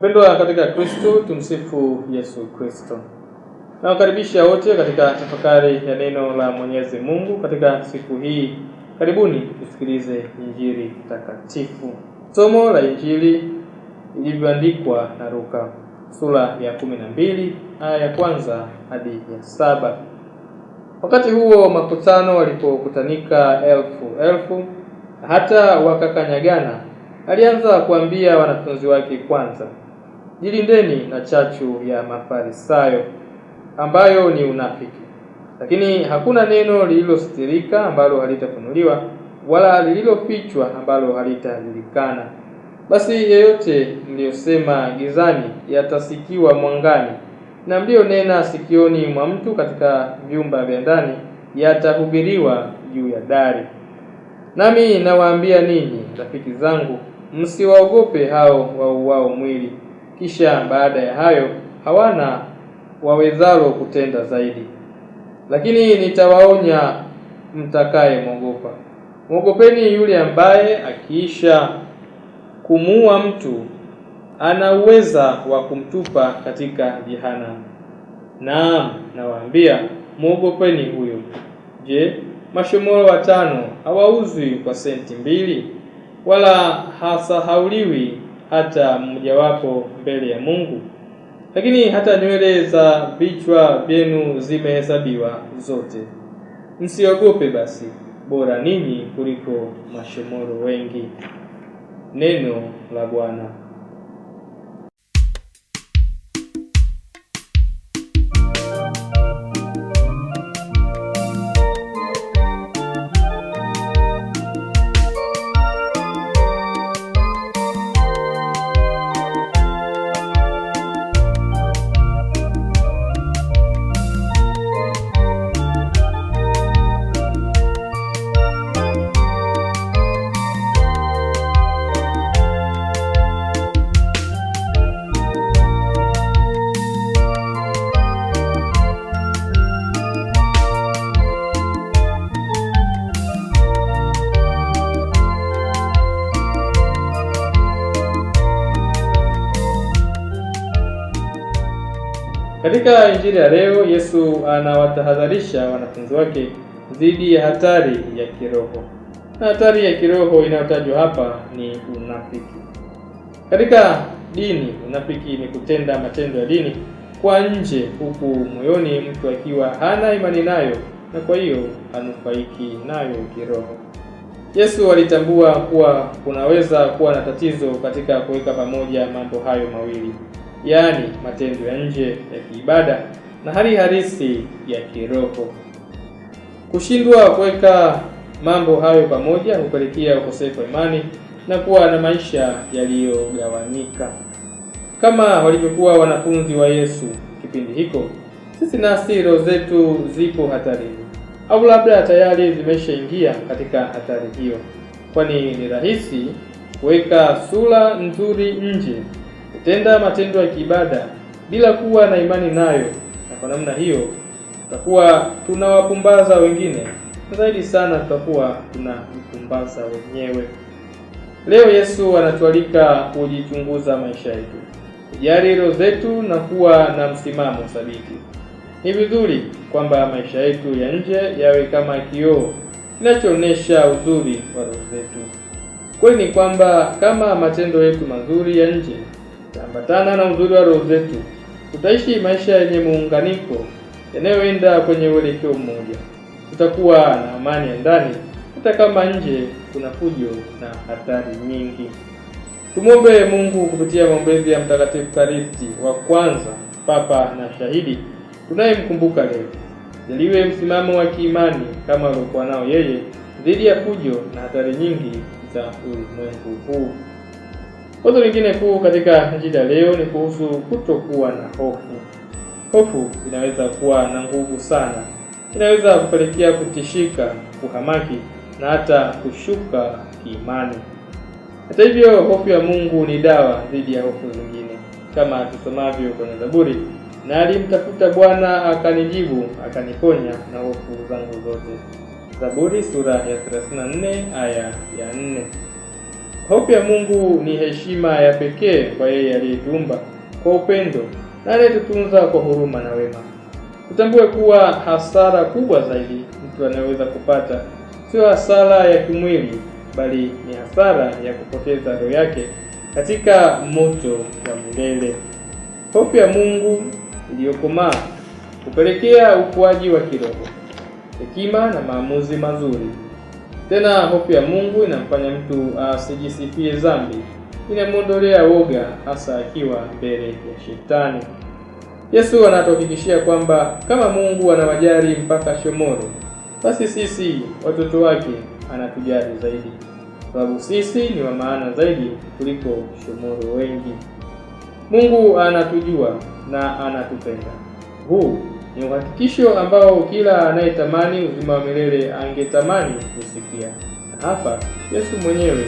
Mpendwa katika Kristo, tumsifu Yesu Kristo. Nawakaribisha wote katika tafakari ya neno la Mwenyezi Mungu katika siku hii. Karibuni tusikilize Injili takatifu. Somo la Injili ilivyoandikwa na Luka sura ya kumi na mbili aya ya kwanza hadi ya saba. Wakati huo makutano walipokutanika elfu elfu hata wakakanyagana, alianza kuambia wanafunzi wake kwanza jilindeni na chachu ya Mafarisayo ambayo ni unafiki, lakini hakuna neno lililositirika ambalo halitafunuliwa wala lililofichwa ambalo halitajulikana. Basi yeyote mliyosema gizani yatasikiwa mwangani, na mliyonena sikioni mwa mtu katika vyumba vya ndani yatahubiriwa juu ya dari. Nami nawaambia ninyi rafiki zangu, msiwaogope hao wauao mwili kisha baada ya hayo hawana wawezalo kutenda zaidi. Lakini nitawaonya mtakaye mwogopa. Mwogopeni yule ambaye akiisha kumuua mtu ana uweza wa kumtupa katika jehanamu. Naam, nawaambia mwogopeni huyo. Je, mashomoro watano hawauzwi kwa senti mbili? Wala hasahauliwi hata mmojawapo mbele ya Mungu? Lakini hata nywele za vichwa vyenu zimehesabiwa zote. Msiogope basi, bora ninyi kuliko mashomoro wengi. Neno la Bwana. Katika Injili ya leo Yesu anawatahadharisha wanafunzi wake dhidi ya hatari ya kiroho, na hatari ya kiroho inayotajwa hapa ni unafiki. Katika dini, unafiki ni kutenda matendo ya dini kwa nje, huku moyoni mtu akiwa hana imani nayo na kwa hiyo hanufaiki nayo kiroho. Yesu alitambua kuwa kunaweza kuwa na tatizo katika kuweka pamoja mambo hayo mawili yaani matendo ya nje ya kiibada na hali halisi ya kiroho. Kushindwa kuweka mambo hayo pamoja hupelekea ukosefu wa imani na kuwa na maisha yaliyogawanyika. Kama walivyokuwa wanafunzi wa Yesu kipindi hiko, sisi nasi roho zetu zipo hatarini, au labda tayari zimeshaingia katika hatari hiyo, kwani ni rahisi kuweka sura nzuri nje Kutenda matendo ya kiibada bila kuwa na imani nayo, na kwa namna hiyo tutakuwa tunawapumbaza wengine na zaidi sana tutakuwa tunajipumbaza wenyewe. Leo Yesu anatualika kujichunguza maisha yetu, kujali roho zetu na kuwa na msimamo thabiti. Ni vizuri kwamba maisha yetu ya nje yawe kama kioo kinachoonyesha uzuri wa roho zetu. Kweli ni kwamba kama matendo yetu mazuri ya nje itaambatana na uzuri wa roho zetu, tutaishi maisha yenye muunganiko yanayoenda kwenye uelekeo mmoja. Tutakuwa na amani ya ndani hata kama nje kuna fujo na hatari nyingi. Tumwombe Mungu kupitia maombezi ya Mtakatifu Karisti wa kwanza, Papa na shahidi tunayemkumbuka leo, jaliwe msimamo wa kiimani kama aliokuwa nao yeye dhidi ya fujo na hatari nyingi za ulimwengu huu. Wazo lingine kuu katika Injili ya leo ni kuhusu kutokuwa na hofu. Hofu inaweza kuwa na nguvu sana, inaweza kupelekea kutishika, kuhamaki na hata kushuka kiimani. Hata hivyo, hofu ya Mungu ni dawa dhidi ya hofu zingine, kama tusomavyo kwenye Zaburi, na alimtafuta Bwana akanijibu, akaniponya na hofu zangu zote. Zaburi sura ya 34 aya ya 4 hope ya Mungu ni heshima ya pekee kwa yeye aliyetuumba kwa upendo na anayetutunza kwa huruma na wema. Tutambue kuwa hasara kubwa zaidi mtu anayeweza kupata sio hasara ya kimwili, bali ni hasara ya kupoteza roho yake katika moto wa milele. hope ya Mungu iliyokomaa hupelekea ukuaji wa kiroho, hekima na maamuzi mazuri. Tena hofu ya Mungu inamfanya mtu asijisifie dhambi, inamwondolea woga, hasa akiwa mbele ya Shetani. Yesu anatuhakikishia kwamba kama Mungu anawajali mpaka shomoro, basi sisi watoto wake anatujali zaidi, sababu sisi ni wa maana zaidi kuliko shomoro wengi. Mungu anatujua na anatupenda. Huu ni uhakikisho ambao kila anayetamani uzima wa milele angetamani kusikia. Na hapa Yesu mwenyewe